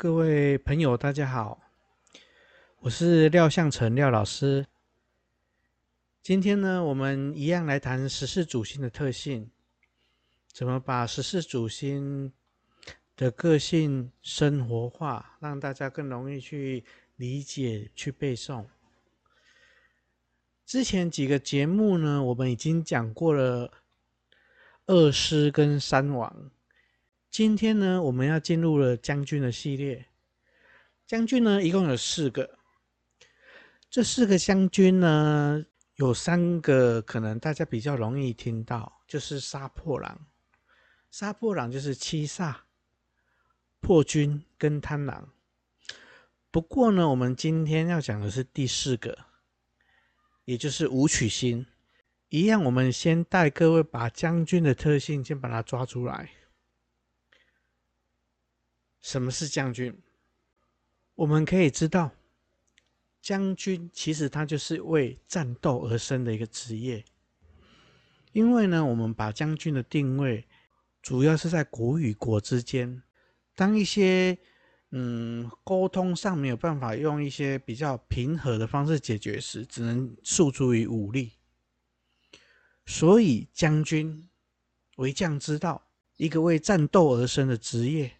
各位朋友，大家好，我是廖相程廖老師。今天呢，我們一樣來談十四主星的特性，怎麼把十四主星的個性生活化，讓大家更容易去理解、去背誦。之前幾個節目呢，我們已經講過了二師跟三王。今天呢，我們要進入了將軍的系列。將軍呢，一共有四個。這四個將軍呢，有三個可能大家比較容易聽到，就是殺破狼。殺破狼就是七殺、破軍跟貪狼。不過呢，我們今天要講的是第四個，也就是武曲星。一樣，我們先帶各位把將軍的特性先把它抓出來。什麼是將軍？我們可以知道，將軍其實他就是為戰鬥而生的一個職業。因為呢，我們把將軍的定位主要是在國與國之間，當一些嗯溝通上沒有辦法用一些比較平和的方式解決時，只能訴諸於武力。所以，將軍為將之道，一個為戰鬥而生的職業。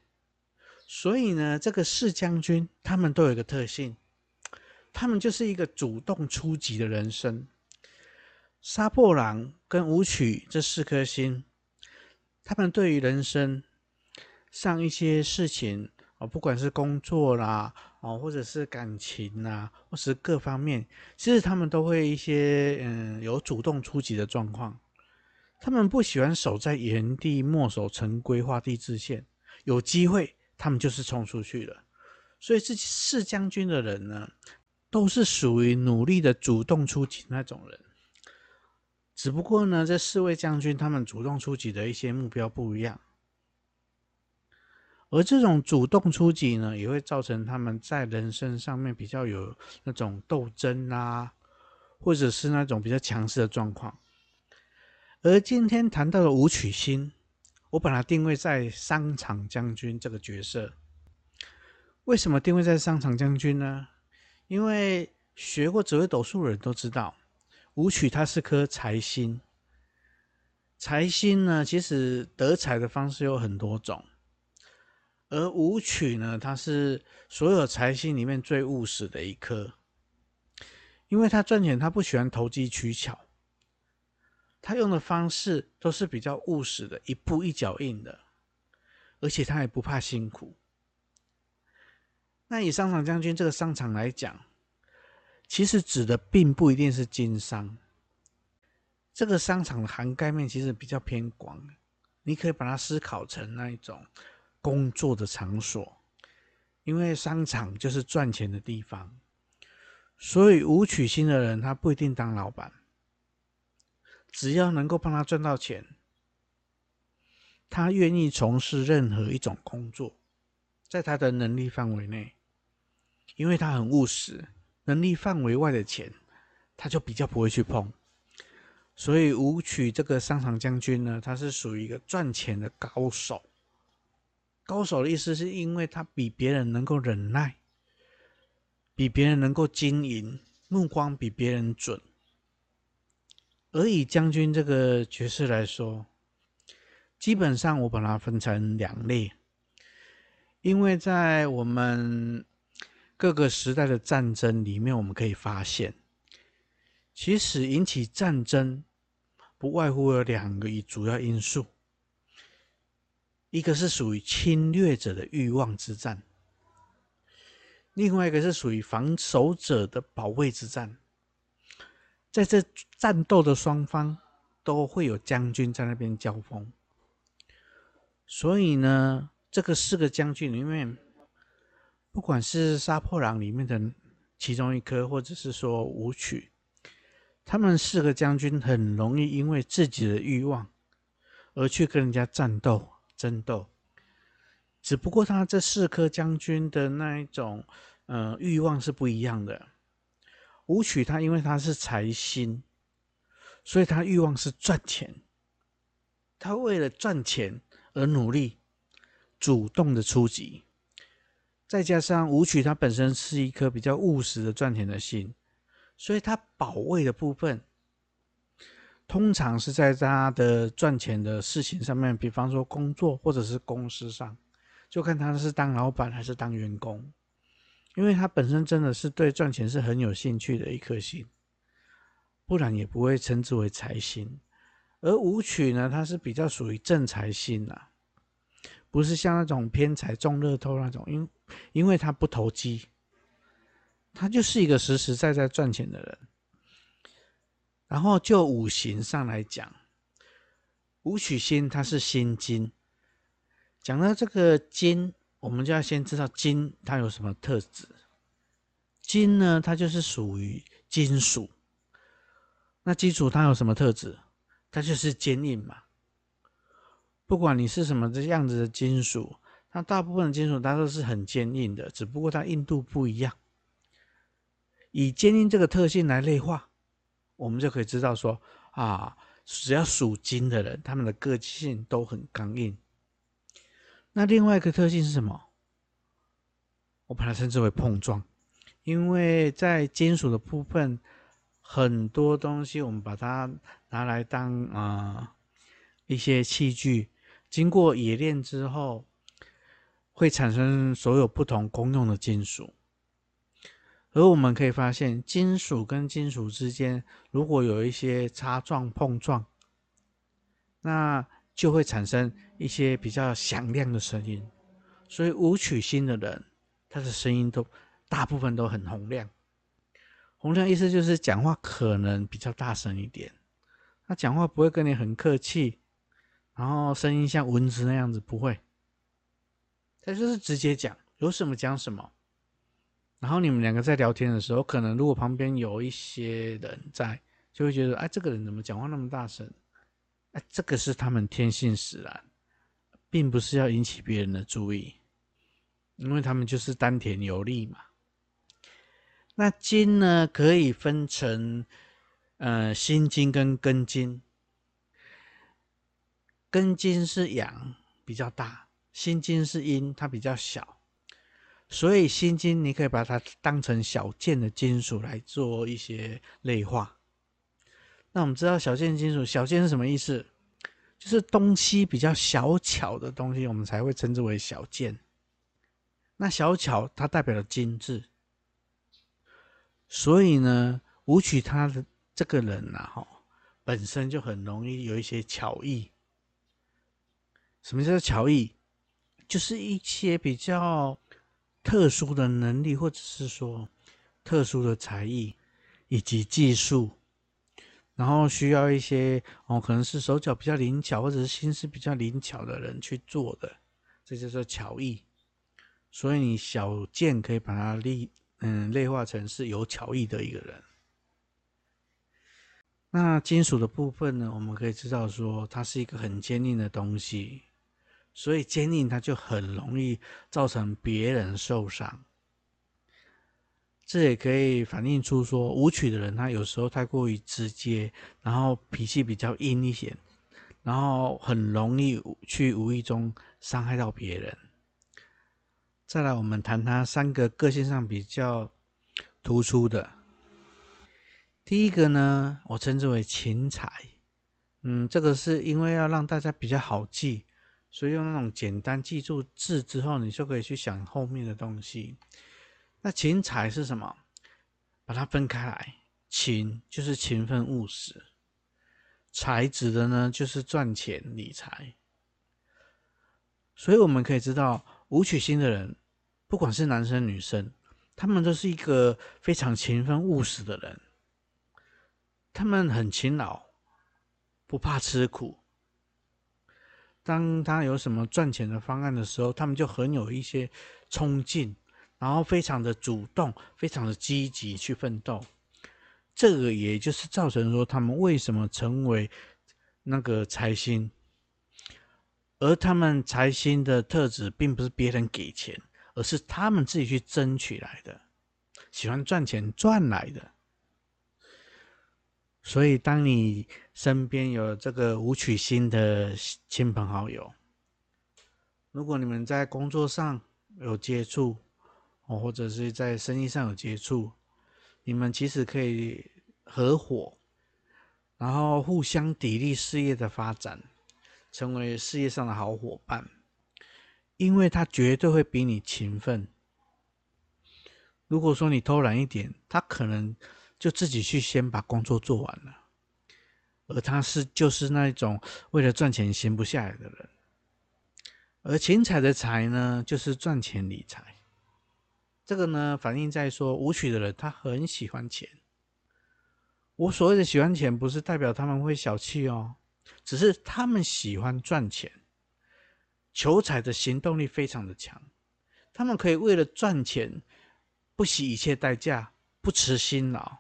所以呢，這個四將軍他們都有一個特性，他們就是一個主動出擊的人生。殺破狼跟武曲這四顆星，他們對於人生上一些事情啊、哦，不管是工作啦哦，或者是感情啦，或是各方面，其實他們都會一些嗯有主動出擊的狀況。他們不喜歡守在原地，墨守成規、畫地自限，有機會，他們就是衝出去了，所以這四將軍的人呢，都是屬於努力的主動出擊那種人。只不過呢，這四位將軍他們主動出擊的一些目標不一樣，而這種主動出擊呢，也會造成他們在人生上面比較有那種鬥爭啊，或者是那種比較強勢的狀況。而今天談到的武曲星，我把它定位在商場將軍這個角色，為什麼定位在商場將軍呢？因為學過紫微斗數的人都知道，武曲它是顆財星，財星呢其實得財的方式有很多種，而武曲呢，它是所有財星裡面最務實的一顆，因為他賺錢，他不喜歡投機取巧。他用的方式都是比較務實的，一步一腳印的，而且他也不怕辛苦。那以商場將軍這個商場來講，其實指的並不一定是經商，這個商場的涵蓋面其實比較偏廣，你可以把它思考成那一種工作的場所，因為商場就是賺錢的地方，所以武曲星的人他不一定當老闆。只要能夠幫他賺到錢，他願意從事任何一種工作，在他的能力範圍內，因為他很務實。能力範圍外的錢，他就比較不會去碰。所以，武曲這個商場將軍呢，他是屬於一個賺錢的高手。高手的意思是因為他比別人能夠忍耐，比別人能夠經營，目光比別人準。而以將軍這個角色來說，基本上我把它分成兩類，因為在我們各個時代的戰爭裡面，我們可以發現，其實引起戰爭不外乎有兩個主要因素，一個是屬於侵略者的欲望之戰，另外一個是屬於防守者的保衛之戰。在這戰鬥的雙方都會有將軍在那邊交鋒，所以呢，這個四個將軍裡面，不管是殺破狼裡面的其中一顆，或者是說武曲，他們四個將軍很容易因為自己的欲望而去跟人家戰鬥爭鬥，只不過他這四顆將軍的那一種，呃，欲望是不一樣的。武曲他因為他是財星，所以他慾望是賺錢。他為了賺錢而努力，主動的出擊。再加上武曲他本身是一顆比較務實的賺錢的心，所以他保衛的部分，通常是在他的賺錢的事情上面，比方說工作或者是公司上，就看他是當老闆還是當員工。因為他本身真的是對賺錢是很有興趣的一顆心，不然也不會稱之為財星。而武曲呢，它是比較屬於正財星吶，不是像那種偏財、中樂透那種，因因為它不投機，他就是一個實實在在賺錢的人。然後就五行上來講，武曲星它是辛金，講到這個金。我們就要先知道金它有什麼特質？金呢，它就是屬於金屬。那金屬它有什麼特質？它就是堅硬嘛。不管你是什麼這樣子的金屬，它大部分的金屬它都是很堅硬的，只不過它硬度不一樣。以堅硬這個特性來類化，我們就可以知道說，啊，只要屬金的人，他們的個性都很剛硬。那另外一個特性是什麼？我把它稱之為碰撞，因為在金屬的部分，很多東西我們把它拿來當啊、呃、一些器具，經過冶煉之後，會產生所有不同功用的金屬。而我們可以發現，金屬跟金屬之間，如果有一些擦撞碰撞，那就會產生。一些比較響亮的聲音，所以武曲星的人，他的聲音都大部分都很洪亮。洪亮意思就是講話可能比較大聲一點，他講話不會跟你很客氣，然後聲音像蚊子那樣子不會，他就是直接講，有什麼講什麼。然後你們兩個在聊天的時候，可能如果旁邊有一些人在，就會覺得，哎，這個人怎麼講話那麼大聲？哎，這個是他們天性使然。並不是要引起別人的注意，因為他們就是丹田有力嘛。那金呢，可以分成，呃，辛金跟庚金。庚金是陽比較大，辛金是陰，它比較小。所以辛金你可以把它當成小件的金屬來做一些類化。那我們知道小件金屬，小件是什麼意思？就是東西比較小巧的東西，我們才會稱之為小件。那小巧它代表了精緻，所以呢，武曲他的這個人吶、啊、哈、哦，本身就很容易有一些巧藝。什麼叫做巧藝？就是一些比較特殊的能力，或者是說特殊的才藝以及技術。然後需要一些哦，可能是手腳比較靈巧，或者是心思比較靈巧的人去做的，這就叫做巧藝。所以你小劍可以把它立，嗯類化成是有巧藝的一個人。那金屬的部分呢，我們可以知道說它是一個很堅硬的東西，所以堅硬它就很容易造成別人受傷。這也可以反映出說，武曲的人他有時候太過於直接，然後脾氣比較硬一些，然後很容易去無意中傷害到別人。再來，我們談他三個個性上比較突出的。第一個呢，我稱之為情財，嗯，這個是因為要讓大家比較好記，所以用那種簡單記住字之後，你就可以去想後面的東西。那勤財是什麼？把它分開來，勤就是勤奮務實，財指的呢就是賺錢理財。所以我們可以知道，武曲星的人，不管是男生女生，他們都是一個非常勤奮務實的人。他們很勤勞，不怕吃苦。當他有什麼賺錢的方案的時候，他們就很有一些衝勁。然後非常的主動，非常的積極去奮鬥，這個也就是造成說他們為什麼成為那個財星，而他們財星的特質並不是別人給錢，而是他們自己去爭取來的，喜歡賺錢賺來的。所以，當你身邊有這個武曲星的親朋好友，如果你們在工作上有接觸，或者是在生意上有接觸，你們其實可以合夥，然後互相砥礪事業的發展，成為事業上的好夥伴。因為他絕對會比你勤奮。如果說你偷懶一點，他可能就自己去先把工作做完了。而他是就是那一種為了賺錢閒不下來的人。而錢財的財呢，就是賺錢理財。這個呢，反映在說武曲的人，他很喜歡錢。我所謂的喜歡錢，不是代表他們會小氣哦，只是他們喜歡賺錢，求財的行動力非常的強。他們可以為了賺錢不惜一切代價，不辭辛勞，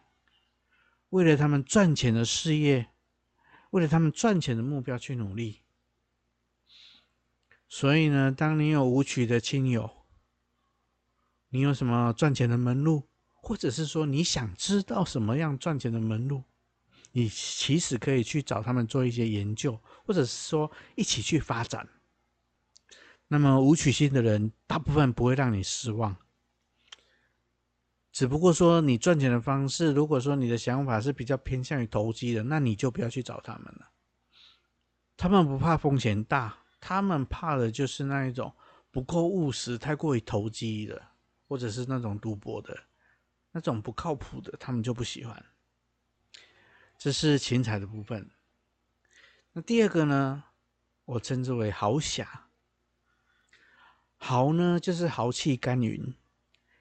為了他們賺錢的事業，為了他們賺錢的目標去努力。所以呢，當你有武曲的親友，你有什麼賺錢的門路，或者是說你想知道什麼樣賺錢的門路，你其實可以去找他們做一些研究，或者是說一起去發展。那麼武曲星的人，大部分不會讓你失望。只不過說你賺錢的方式，如果說你的想法是比較偏向於投機的，那你就不要去找他們了。他們不怕風險大，他們怕的就是那一種不夠務實、太過於投機的。或者是那種賭博的、那種不靠譜的，他們就不喜歡。這是錢財的部分。那第二個呢，我稱之為豪俠。豪呢，就是豪氣干雲；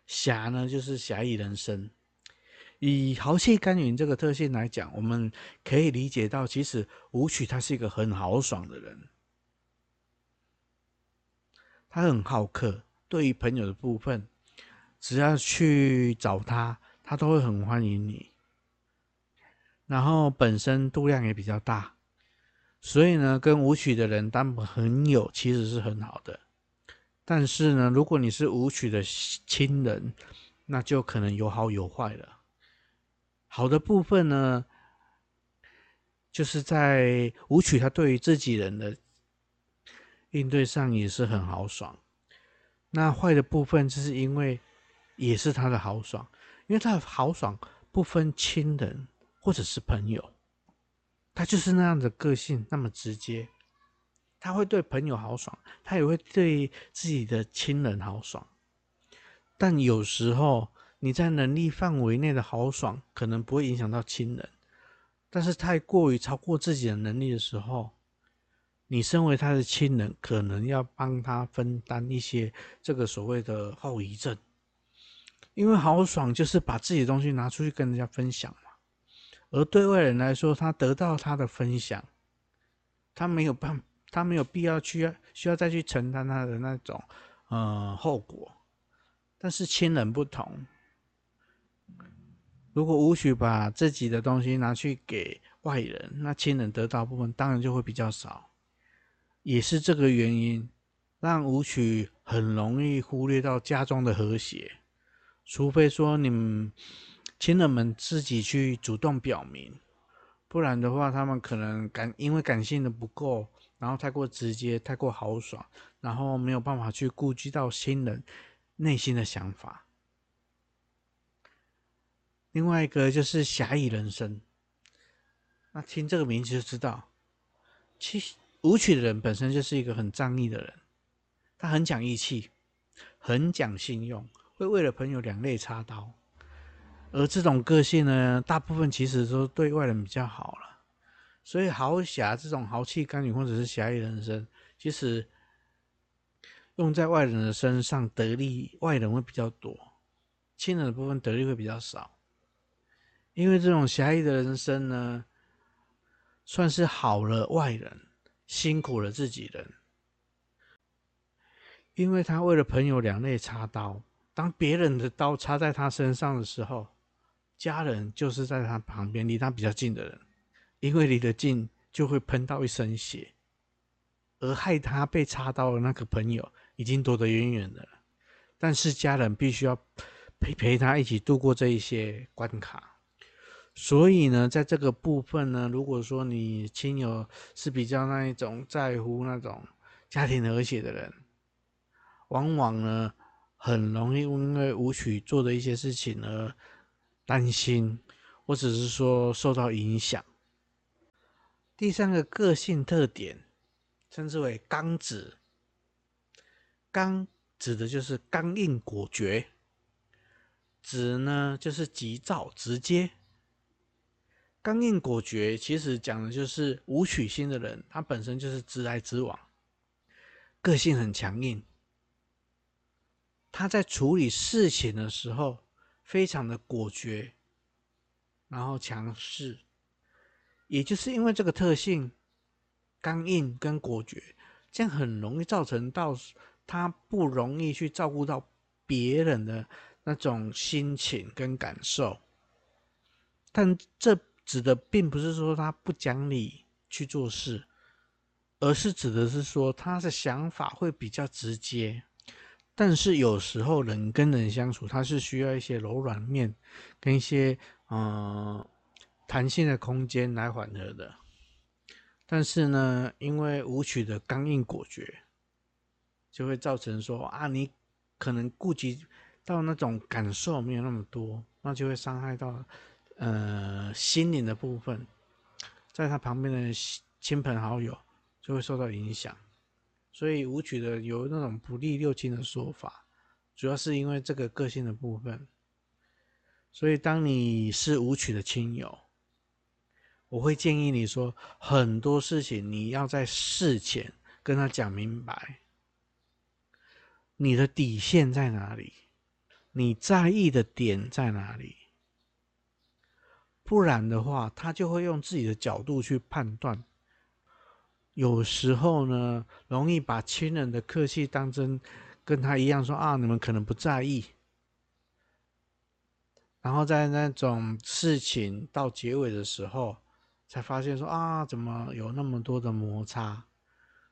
俠呢，就是俠義人生。以豪氣干雲這個特性來講，我們可以理解到，其實武曲他是一個很豪爽的人，他很好客，對於朋友的部分。只要去找他，他都會很歡迎你。然後本身度量也比較大，所以呢，跟武曲的人當朋友其實是很好的。但是呢，如果你是武曲的親人，那就可能有好有壞了。好的部分呢，就是在武曲他對於自己人的應對上也是很豪爽。那壞的部分，就是因為，也是他的豪爽，因為他的豪爽不分親人或者是朋友，他就是那樣的個性，那麼直接。他會對朋友豪爽，他也會對自己的親人豪爽。但有時候你在能力範圍內的豪爽，可能不會影響到親人，但是太過於超過自己的能力的時候，你身為他的親人，可能要幫他分擔一些這個所謂的後遺症。因為豪爽就是把自己的東西拿出去跟人家分享嘛，而對外人來說，他得到他的分享，他沒有辦，他沒有必要去需要再去承擔他的那種嗯、呃、後果。但是親人不同，如果武曲把自己的東西拿去給外人，那親人得到部分當然就會比較少，也是這個原因，讓武曲很容易忽略到家中的和諧。除非說你們親人們自己去主動表明，不然的話，他們可能感因為感性的不夠，然後太過直接、太過豪爽，然後沒有辦法去顧及到親人內心的想法。另外一個就是俠義人生，那聽這個名字就知道，其實武曲的人本身就是一個很仗義的人，他很講義氣，很講信用。會為了朋友兩肋插刀，而這種個性呢，大部分其實都對外人比較好了。所以豪俠這種豪氣干雲，或者是俠義人生，其實用在外人的身上得力，外人會比較多；親人的部分得力會比較少，因為這種俠義的人生呢，算是好了外人，辛苦了自己人，因為他為了朋友兩肋插刀。當別人的刀插在他身上的時候，家人就是在他旁邊、離他比較近的人，因為離得近就會噴到一身血，而害他被插刀的那個朋友已經躲得遠遠的了。但是家人必須要陪陪他一起度過這一些關卡。所以呢，在這個部分呢，如果說你親友是比較那一種在乎那種家庭和諧的人，往往呢，很容易因為武曲做的一些事情而擔心，或者是說受到影響。第三個個性特點，稱之為剛直。剛指的就是剛硬果決，直呢就是急躁直接。剛硬果決其實講的就是武曲星的人，他本身就是直來直往，個性很強硬。他在處理事情的時候非常的果決，然後強勢，也就是因為這個特性，剛硬跟果決，這樣很容易造成到他不容易去照顧到別人的那種心情跟感受。但這指的並不是說他不講理去做事，而是指的是說他的想法會比較直接。但是有時候人跟人相處，他是需要一些柔軟面，跟一些嗯、呃、彈性的空間來緩和的。但是呢，因為武曲的剛硬果決，就會造成說啊，你可能顧及到那種感受沒有那麼多，那就會傷害到呃心靈的部分，在他旁邊的親朋好友就會受到影響。所以武曲的有那種不利六親的說法，主要是因為這個個性的部分。所以當你是武曲的親友，我會建議你說，很多事情你要在事前跟他講明白，你的底線在哪裡，你在意的點在哪裡，不然的話他就會用自己的角度去判斷。有時候呢，容易把親人的客氣當真，跟他一樣說啊，你們可能不在意。然後在那種事情到結尾的時候，才發現說啊，怎麼有那麼多的摩擦？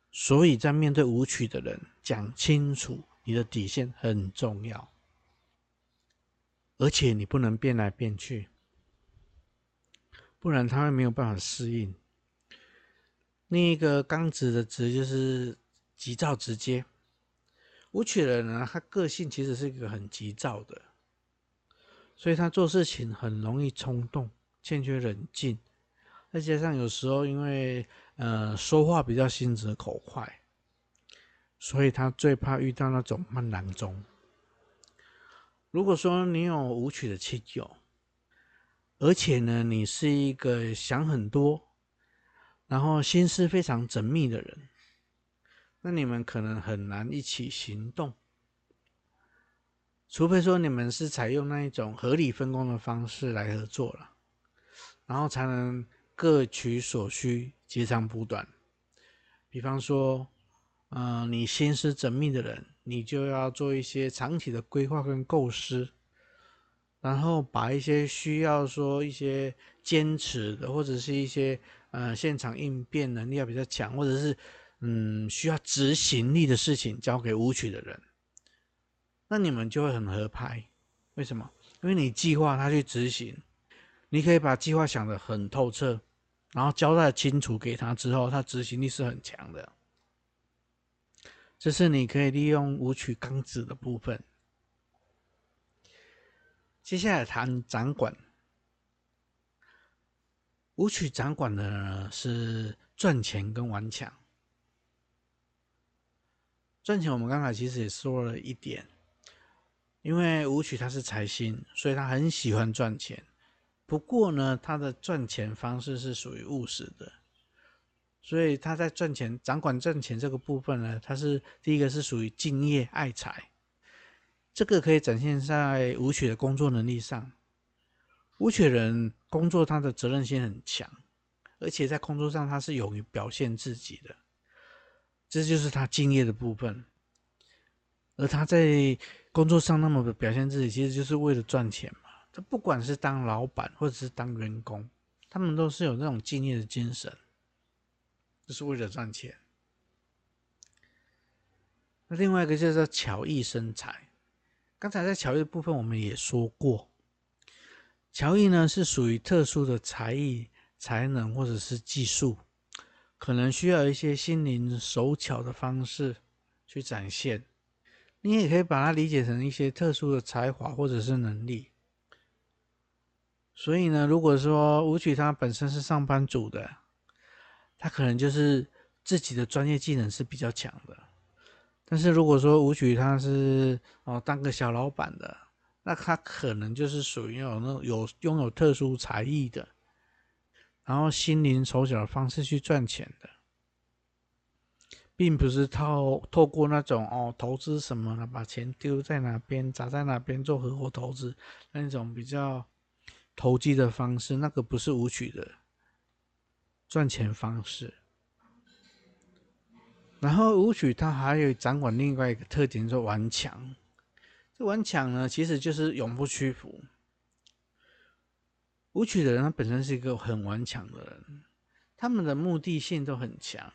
所以在面對武曲的人，講清楚你的底線很重要，而且你不能變來變去，不然他會沒有辦法適應。另一個剛直的直就是急躁直接。武曲的人呢，他個性其實是一個很急躁的，所以他做事情很容易衝動，欠缺冷靜。再加上有時候因為呃說話比較心直口快，所以他最怕遇到那種慢郎中。如果說你有武曲的親友，而且呢你是一個想很多。然後心思非常縝密的人，那你們可能很難一起行動，除非說你們是採用那一種合理分工的方式來合作了，然後才能各取所需、截長補短。比方說，嗯、呃，你心思縝密的人，你就要做一些長期的規劃跟構思，然後把一些需要說一些堅持的，或者是一些。呃，現場應變能力要比較強，或者是嗯需要執行力的事情交給武曲的人，那你們就會很合拍。為什麼？因為你計劃他去執行，你可以把計劃想得很透徹，然後交代清楚給他之後，他執行力是很強的。這是你可以利用武曲剛子的部分。接下來談掌管。武曲掌管的呢，是賺錢跟頑強。賺錢，我們剛才其實也說了一點，因為武曲他是財星，所以他很喜歡賺錢。不過呢，他的賺錢方式是屬於務實的，所以他在賺錢、掌管賺錢這個部分呢，他是第一個是屬於敬業愛財，這個可以展現在武曲的工作能力上。武曲人，工作他的責任心很強，而且在工作上他是勇於表現自己的，這就是他敬業的部分。而他在工作上那麼表現自己，其實就是為了賺錢嘛。他不管是當老闆或者是當員工，他們都是有那種敬業的精神，就是為了賺錢。那另外一個就叫做巧藝生財，剛才在巧藝部分我們也說過。巧藝呢，是屬於特殊的才藝、才能或者是技術，可能需要一些心靈手巧的方式去展現。你也可以把它理解成一些特殊的才華或者是能力。所以呢，如果說武曲他本身是上班族的，他可能就是自己的專業技能是比較強的。但是如果說武曲他是哦當個小老闆的。那他可能就是屬於有那種有擁有，有特殊才藝的，然後心靈手巧的方式去賺錢的，並不是透透過那種哦投資什麼的，把錢丟在那邊，砸在那邊做合夥投資那種比較投機的方式，那個不是武曲的賺錢方式。然後武曲它還有掌管另外一個特點，是頑強。這頑強呢，其實就是永不屈服。武曲的人，他本身是一個很頑強的人，他們的目的性都很強，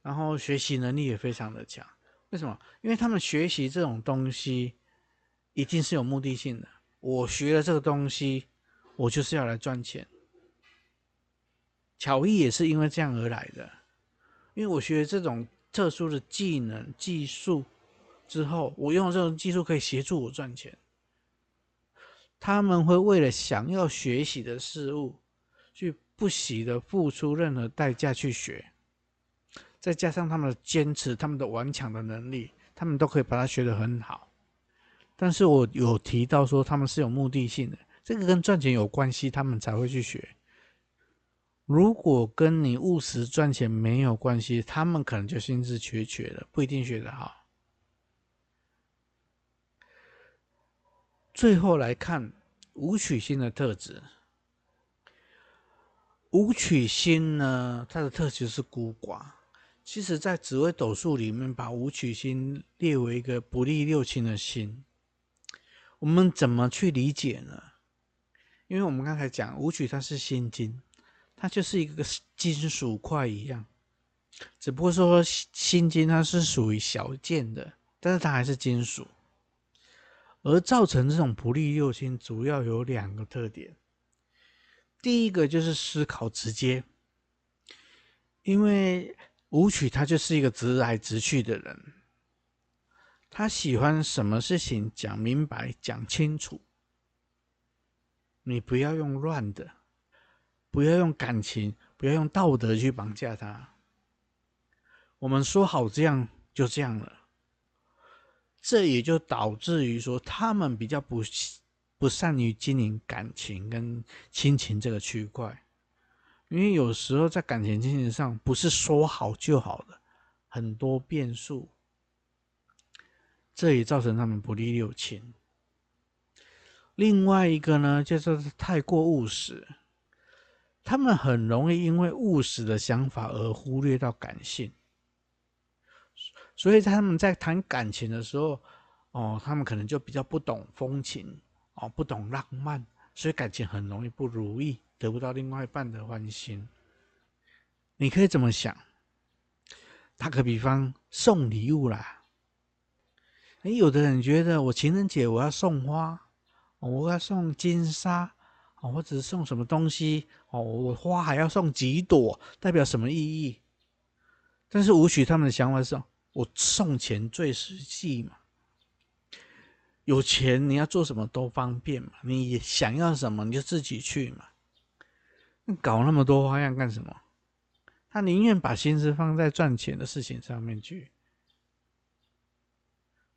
然後學習能力也非常的強。為什麼？因為他們學習這種東西，一定是有目的性的。我學了這個東西，我就是要來賺錢。巧藝也是因為這樣而來的，因為我學這種特殊的技能技術。之後，我用這種技術可以協助我賺錢。他們會為了想要學習的事物，去不惜的付出任何代價去學。再加上他們的堅持，他們的頑強的能力，他們都可以把它學得很好。但是我有提到說，他們是有目的性的，這個跟賺錢有關係，他們才會去學。如果跟你務實賺錢沒有關係，他們可能就興致缺缺的，不一定學得好。最後來看武曲星的特質。武曲星呢，它的特質是孤寡。其實，在紫微斗數裡面，把武曲星列為一個不利六親的星。我們怎麼去理解呢？因為我們剛才講武曲，它是辛金，它就是一個金屬塊一樣。只不過說辛金它是屬於小件的，但是它還是金屬。而造成這種不利誘因，主要有兩個特點。第一個就是思考直接，因為武曲他就是一個直來直去的人，他喜歡什麼事情講明白、講清楚。你不要用亂的，不要用感情，不要用道德去綁架他。我們說好這樣，就這樣了。這也就導致於說，他們比較不不善於經營感情跟親情這個區塊，因為有時候在感情經營上不是說好就好的，很多變數，這也造成他們不利六親。另外一個呢，就是太過務實，他們很容易因為務實的想法而忽略到感性。所以他們在談感情的時候，哦，他們可能就比較不懂風情，哦，不懂浪漫，所以感情很容易不如意，得不到另外一半的歡心。你可以怎麼想？打個比方，送禮物啦。哎，有的人覺得我情人節我要送花，我要送金莎，我只是送什麼東西？哦，我花還要送幾朵，代表什麼意義？但是武曲他們的想法是。我送錢最實際嘛，有錢你要做什麼都方便嘛，你想要什麼你就自己去嘛，你搞那麼多花樣幹什麼？他寧願把心思放在賺錢的事情上面去，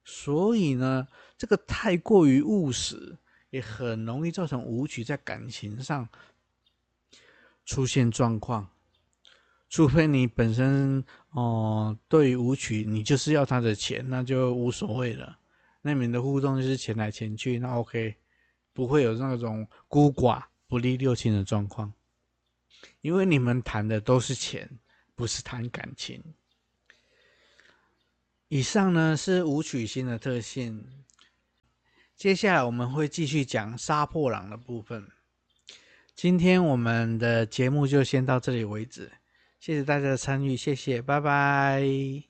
所以呢，這個太過於務實，也很容易造成武曲在感情上出現狀況。除非你本身哦、呃，對於武曲，你就是要他的錢，那就無所謂了。那你們的互動就是錢來錢去，那 OK，不會有那種孤寡不利六親的狀況，因為你們談的都是錢，不是談感情。以上呢是武曲星的特性。接下來我們會繼續講殺破狼的部分。今天我們的節目就先到這裡為止。謝謝大家的參與，謝謝，拜拜。